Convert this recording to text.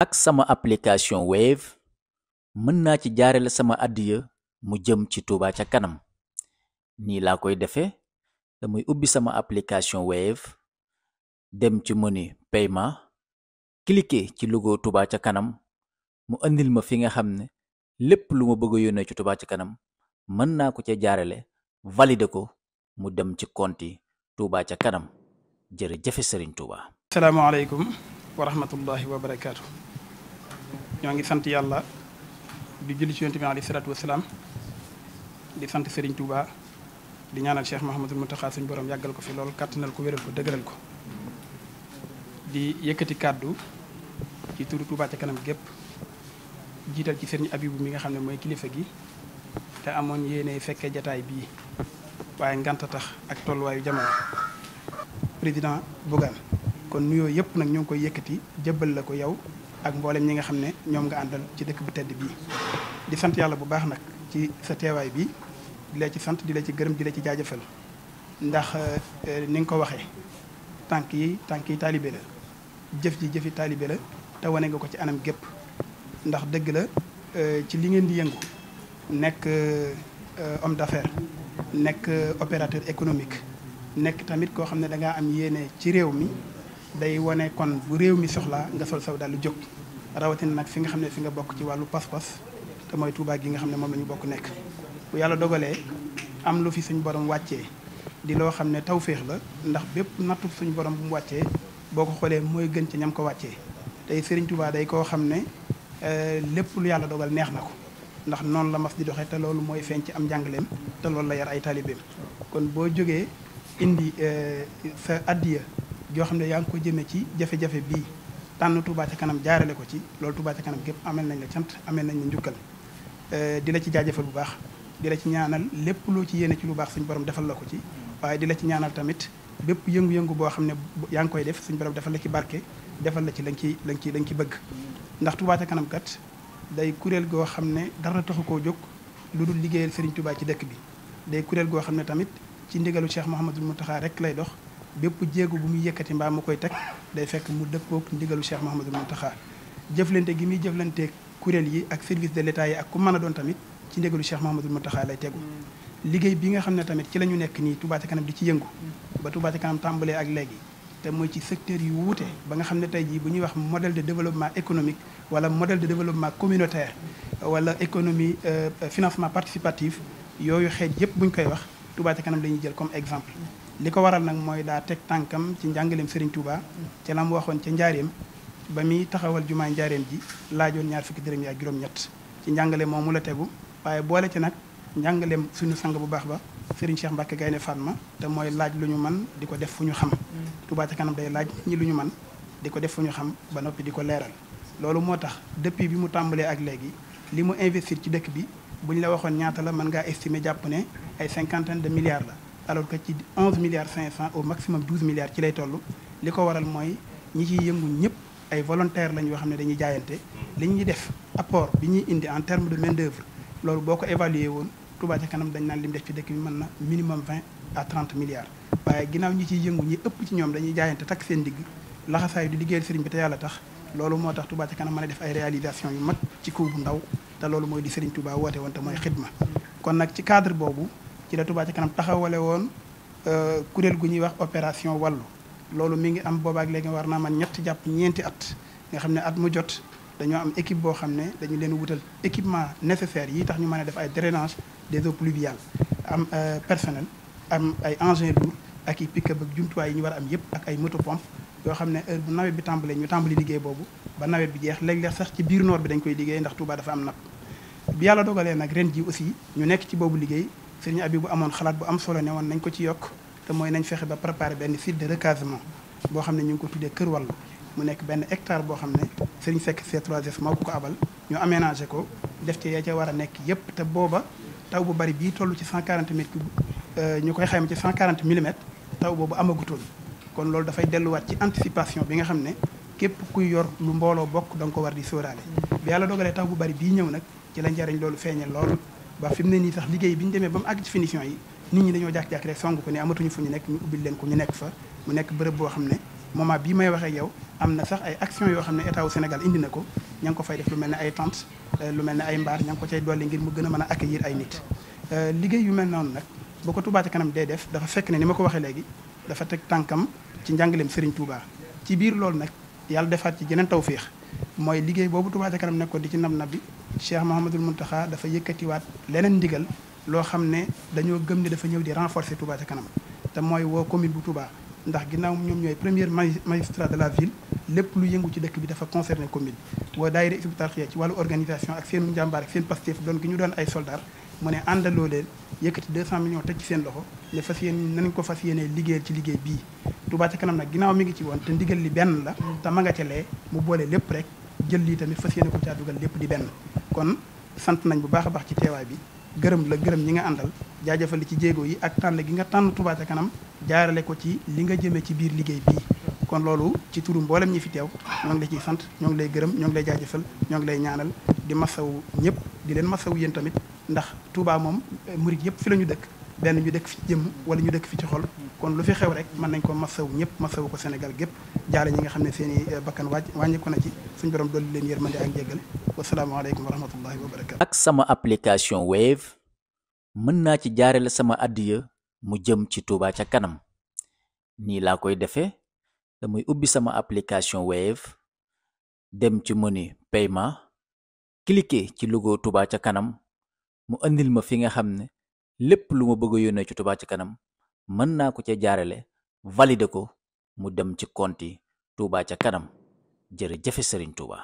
ak sama application Wave mën naa ci jaarale sama addiya mu jëm ci Touba ca kanam nii laa koy defee damay ubbi sama application Wave dem ci menu paiement cliquer ci logo Touba ca kanam mu indil ma fi nga xam ne lépp lu ma bëgg a ci Touba ca kanam mën naa ko ca jaarale valider ko mu dem ci compte Touba ca kanam jërëjëf Serigne sëriñ salaamaaleykum wa ñoo ngi sant yàlla du julli ci yonent bi alayhi salaatu di sant Serigne Touba di ñaanal Cheikh Mouhamadul Mountakha suñu borom yàggal ko fi lool kàttanal ko wéral ko dëgëral ko di yëkkati kàddu ci turu Touba ca kanam gépp jiital ci Serigne Abibu mi nga xam ne mooy kilifa gi te amoon yéene fekk jataay bii waaye ngant tax ak tolluwaayu jamono président Bougane kon nuyoo yëpp nag ñoo ngi koy yëkkati jëbbal la ko yow ak mbooleem ñi nga xam ne ñoom nga àndal ci dëkk bu tedd bii di sant yàlla bu baax nag ci sa teewaay bi di la ci sant di la ci gërëm di la ci jaajëfal ndax eh, ni nga ko waxee tànk yi tànk yi taalibe la jëf ji jëfi taalibe la te wane nga ko ci anam gépp ndax dëgg la eh, ci li ngeen di yëngu nekk eh, homme d'affaires nekk opérateur économique nekk tamit koo xam ne da ngaa am yéene ci réew mi day wane kon bu réew mi soxlaa nga sol saw daal lu jóg rawatina nag fi nga xam ne fi nga bokk ci wàllu pas-pas te mooy Touba gi nga xam ne moom la ñu bokk nekk. yàlla dogalee am lu fi suñu borom wàccee di loo xam ne tawféex la ndax bépp nattu suñu borom bu mu wàccee boo ko xoolee mooy gën ca ñam ko wàccee tey Serigne Touba day koo xam ne eh, lépp lu yàlla dogal neex na ko. ndax noonu la mas di doxee te loolu mooy feeñ ci am njàngaleem te loolu la yar ay taalibeem kon boo jógee indi eh, sa addiya yoo xam ne yaa ngi ko jëmee ci jafe-jafe bii tànn Touba ca kanam jaarale ko ci loolu Touba ca kanam gépp amel nañ la cant amel nañ la njukkal eh, di la ci jaajëfal bu baax di la ci ñaanal lépp loo ci yéene ci lu baax suñu borom defal la ko ci waaye di la ci ñaanal tamit bépp yëngu-yëngu boo xam ne yaa ngi koy def suñu borom defal la ci barke defal la ci lañ ci lañ ci lañ ci bëgg ndax Touba ca kanam kat day kuréel goo xam ne dara toxu koo jóg lu dul liggéeyal Serigne Touba ci dëkk bi day kuréel goo xam ne tamit ci ndigalu Cheikh Mouhamadul Mountakha rek lay dox bépp jéego bu mu yëkkati mbaa mu koy teg day fekk mu dëppook ndigalu Cheikh Mouhamadul Mountakha jëflante gi muy jëflanteeg kuréel yi ak service de l'État yi ak ku mën a doon tamit ci ndigalu Cheikh Mouhamadul Mountakha lay tegu liggéey bi nga xam ne tamit ci la ñu nekk nii tubaati Ca Kanam di ci yëngu ba Touba Kanam tàmbalee ak léegi te mooy ci secteur yi wuute ba nga xam ne tey jii bu ñuy wax modèle de développement économique wala model de développement communautaire wala économie euh, financement participatif yooyu xeet yëpp bu ñu koy wax Touba Ca Kanam la jël comme exemple li ko waral nag mooy daa teg tànkam ci njàngaleem Serigne Touba ci la mu waxoon ca njaareem ba muy taxawal jumaa njaareem ji laajoon ñaar fukki dërëm yi ak juróom-ñett ci njàngale moomu la tegu waaye boole ci nag njàngaleem suñu sang bu baax ba Serigne Cheikh Mbacke Gaynde ma te mooy laaj lu ñu man di ko def fu ñu xam Touba ca kanam day laaj ñi lu ñu man di ko def fu ñu xam ba noppi di ko leeral loolu moo tax depuis bi mu tàmbalee ak léegi li mu investir ci dëkk bi bu ñu la waxoon ñaata la mën ngaa estimer jàpp ne ay cinquantaine de milliards la alors que ci 11 milliards 500 au maximum 12 milliards ci lay tollu li ko waral mooy ñi ciy yëngu ñëpp ay volontaires lañ yoo xam ne dañuy jaayante li ñuy def apport bi ñuy indi en terme de main d'œuvre loolu boo ko évaluer woon Touba ca kanam dañ naan lim def ci dëkk bi mën na minimum 20 à 30 milliards waaye ginnaaw ñi ciy yëngu ñi ëpp ci ñoom dañuy jaayante takk seen digg laxasaay di liggéeyal sëriñ bi te yàlla tax loolu moo tax Touba ca kanam mën a def ay réalisation yu mag ci kaw bu te loolu mooy di Serigne Touba woote woon mooy xidma kon nag ci cadre boobu ci la Touba ca kanam taxawale woon euh, kuréel gu ñuy wax opération wàllu loolu mu ngi am boobaak léegi war naa man ñetti jàpp ñeenti at nga xam ne at mu jot dañoo am équipe boo xam ne dañu leen wutal équipement nécessaire yi tax ñu mën a def ay drainage des eaux pluviales am euh, personnel am ay engins lourds ak i pick-up ak jumtuwaay yi ñu war a am yëpp ak ay moto pompe yoo xam ne heure bu nawet bi tàmbalee ñu tàmbali liggéey boobu ba nawet bi jeex léeg-léeg sax ci biir noor bi dañ koy liggéey ndax Touba dafa am napp bi yàlla dogalee nag ren ji aussi ñu nekk ci boobu liggéey sëriñ Abi bu amoon xalaat bu am solo ne woon nañ ko ci yokk te mooy nañ fexe ba préparer benn site de recasement boo xam ne ñu ngi ko tuddee Kër la mu nekk benn hectare boo xam ne sëriñ Seck C3S moo ko ko abal ñu aménagé ko def ci yaa ca war a nekk yépp te booba taw bu bari bii toll ci 140 mètres cubes euh, ñu koy xayma ci 140 millimètres taw boobu amagutoon kon loolu dafay delluwaat ci anticipation bi nga xam ne képp kuy yor lu mbooloo bokk da nga ko war di sóoraale bi yàlla taw bu bari bii ñëw nag ci la njariñ loolu feeñe lool ba fi ne nii sax liggéey bi ñu demee ba mu àgg ci finition yi nit ñi dañoo jàkk-jàkk rek song ko ne amatuñu fu ñu nekk ñu ubbil leen ko ñu nekk fa mu nekk bërëb boo xam ne moment bii may waxee yow am na sax ay action yoo xam ne état senegal indi na ko ña ngi ko fay def lu mel ne ay tente euh, lu mel ne ay mbaar ña ngi ko cay dolli ngir mu gën a mën a accueillir ay nit euh, liggéey yu mel noonu nag boo ko Touba kanam dee def dafa fekk ne ni ma ko waxee léegi dafa teg tànkam ci njàngaleem Serigne Touba ci biir loolu nag yàlla defaat ci jeneen tawféex mooy liggéey boobu Touba ca kanam nekkoon di ci nam na bi Cheikh Mouhamadul Mountakha dafa yëkkatiwaat leneen ndigal loo xam ne dañoo gëm ni dafa ñëw di renforcer Touba ca kanam te mooy woo commune bu tubaa ndax ginnaaw ñoom ñooy premier magistrat de la ville lépp lu yëngu ci dëkk bi dafa concerné commune woo daayira Hizbut Tarqiyyah ci wàllu organisation ak seen njàmbaar ak seen pastéef doon gi ñu doon ay soldats mu ne àndaloo leen yëkkati 200 millions teg ci seen loxo ne yéen nañ ko fas yéenee liggéeyal ci liggéey bii Touba ca kanam nag ginnaaw ngi ci woon te ndigal li benn la te ma nga ca lee boole lépp rek jël lii tamit fas yéene ko caa dugal lépp di benn kon sant nañ bu baax a baax ci teewaay bi gërëm la gërëm ñi nga àndal jaajëfal ci jéego yi ak tànn gi nga tànn Touba ca kanam jaarale ko ci li nga jëmee ci biir liggéey bi kon loolu ci turu mboolem ñi fi teew ñoo ngi ciy sant ñoo ngi lay gërëm ñoo ngi lay jaajëfal ñoo ngi lay ñaanal di masawu ñëpp di leen masawu yéen tamit ndax Touba moom eh, murit yëpp fi la ñu dëkk benn ñu dëkk fi ci jëm wala ñu dëkk fi ci xol kon lu fi xew rek mën nañ ko masaw ñëpp masaw ko senegal gépp jaale ñi nga xam ne seen i eh, bakkan waaj wàññeeku na ci suñ borom dolli leen yërmande ak jéggale wasalaamaaleykum ak sama application Wave mën naa ci jaarale sama addiya mu jëm ci Touba ca kanam nii laa koy defee damay ubbi sama application Wave dem ci menu paiement cliquer ci logo Touba ca kanam mu indil ma fi nga xam ne lépp lu ma bëgg a yónnee ci Touba ci kanam mën naa ko ca jaarale valider ko mu dem ci compte Touba ca kanam jërëjëf Serigne Touba.